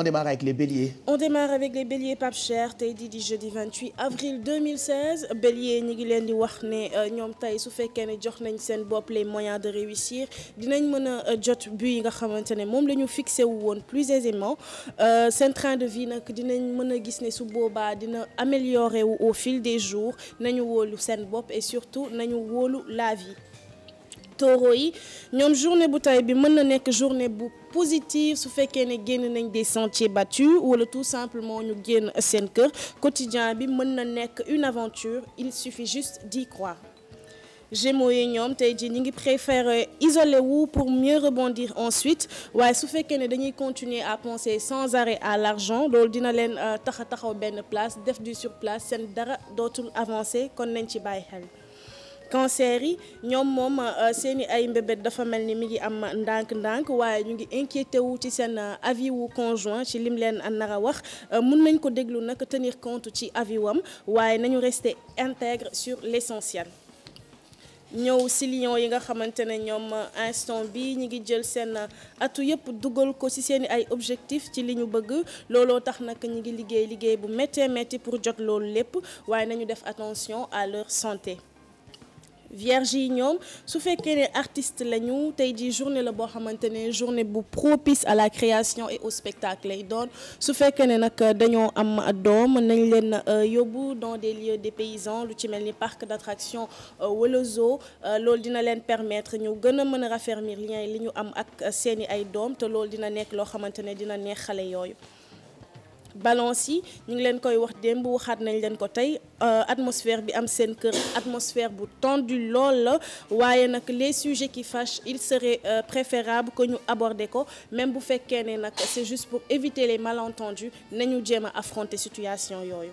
On démarre avec les béliers. On démarre avec les béliers Pape Cheikh tey di di jeudi 28 avril 2016 bélier ñi ngi leen di wax ne euh, ñoom tey su fekkee ne jox nañ seen bopp les moyens de dinañ mën a euh, jot but yi nga xamante ne moom la ñu fixé wu woon plus aisément euh, seen train de vie nag dinañ mën a gis ne su boobaa dina améliorer wu au fil des jours nañu wóolu seen bopp et surtout nañu wóolu la vie. taureau yi ñoom journée bu tay bi mën na nekk journée bu positive su fekkee ne génn nañ de sentiers battus wala tout simplement ñu génn seen kër quotidien bi mën na nekk une aventure il suffit juste d'y croire Gémeaux yi ñoom tey jii ñi ngi préférer isoler wu pour mieux rebondir ensuite waaye su fekkee ne dañuy continuer à penser sans arrêt à l'argent loolu dina leen euh, taxa taxaw benn place def di sur place seen dara dootul avancer kon nañ ci bàyyi xel cancer yi ñoom moom euh, seeni ay mbébét dafa mel ni mi ngi am ndànk-ndànk waaye ñu ngi inquiété wu ci seen euh, avis wu conjoint ci lim leen nar a wax euh, mun nañ ko déglu naka tenir compte ci avis waaye nañu rester intègre sur l'essentiel ñëw si Lions yi nga xamante ne ñoom instant bi ñi ngi jël seen atu yëpp dugal ko si seen i ay objectif ci li ñu bëgg looloo tax nag ñi ngi liggéey liggéey bu méttee métti pour jot loolu lépp waaye nañu def attention à leur santé vierge yi ñoom su fekkee ne artiste lañu tey jii journée la boo xamante ne journée bu propice à la création et au spectacle lay doon su fekkee ne nag dañoo am doom nañ leen euh, yóbbu dans des lieux dépaysants lu ci mel ni parc d'attraction euh, wala zoo euh, loolu dina leen permettre ñu gën a mën a raffermir lien li ñu am ak seeni ay doom te loolu dina nekk loo xamante ne dina neex xale yooyu balance yi ñu ngi leen koy wax démb waxaat nañ leen ko tey euh, atmosphère bi am seen kër atmosphère bu tendue lool la waaye nag les sujets qui fâchent il serait euh, préférable ko ñu aborder ko même bu fekkee ne nag c'est juste pour éviter les malentendus ñu jéem a affronter situation yooyu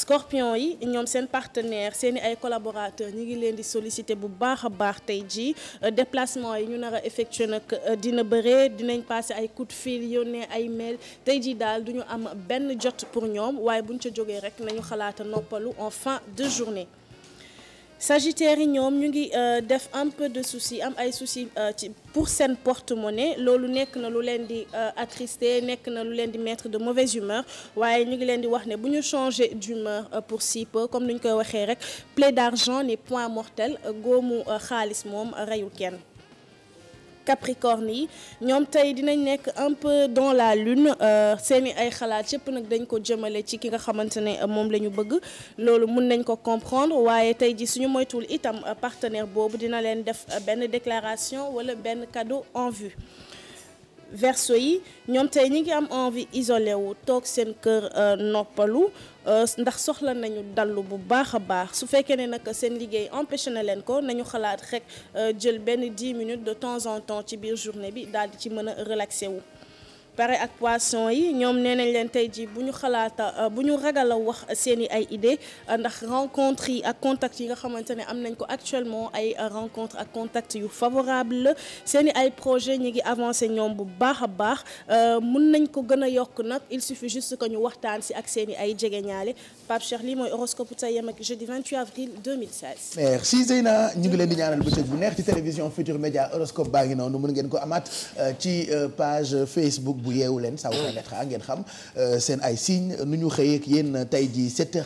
Scorpion yi ñoom seen partenaire seen i ay collaborateur ñi ngi leen di solliciter bu baax a baax tey jii euh, déplacement yi ñu nar a effectuer nag euh, dina bëree dinañ passer ay coup de fil yónnee ay mail tey jii daal du ñu am benn jot pour ñoom waaye buñ ca jógee rek nañu xalaata noppalu en fin de journée sagittaire yi ñoom ñu ngi euh, def un peu de souci am ay souci euh, ci pour seen porte-monnaie loolu nekk na lu leen di euh, attristé nekk na lu leen di mettre de mauvaise humeur waaye ñu ngi leen di wax ne bu ñu changer d'humeur pour si peu comme ni ñu koy waxee rek plaie d'argent n'est point mortel góomu xaalis moom reyul kenn Capricorne yi ñoom tey dinañ nekk un peu dans la lune euh, seeni ay xalaat yëpp nag dañ ko jëmale ci ki nga xamante ne euh, moom la ñu bëgg loolu mun nañ ko comprendre waaye tey ji suñu moytuwul itam euh, partenaire boobu dina leen def benn déclaration wala benn cadeau en vue verseau yi ñoom tey ñi ngi am envie isolé wu toog seen kër euh, noppalu euh, ndax soxla nañu dallu bu baax a baax su fekkee ne nag seen liggéey empêché na leen ko nañu xalaat rek euh, jël benn 10 minutes de temps en temps ci biir journée bi daal di ci mën a relaxé wu pare ak poisson yi ñoom nee nañ leen tey jii bu ñu xalaata euh, bu ñu ragal wax seen i ay idée euh, ndax rencontre yi ak contact yi nga xamante ne am nañ ko actuellement ay euh, rencontre ak contact yu favorable la seen i ay projet ñi ngi avancé ñoom bu baax a baax mun nañ ko gën a yokk nag il suffit juste que ñu waxtaan si ak seen i ay jegeñaale Pape Cheikh lii mooy horoscope tey yem jeudi avril 2016. merci Zeyna ñu ngi leen di ñaanal bëccëg bu neex ci télévision Futur Média baa ngi noonu mën ngeen ko amaat ci page Facebook. bu yeewu leen ça vous permettra ah, ngeen xam euh, seen ay signes nu ñu xëyeeg yéen tey ji 7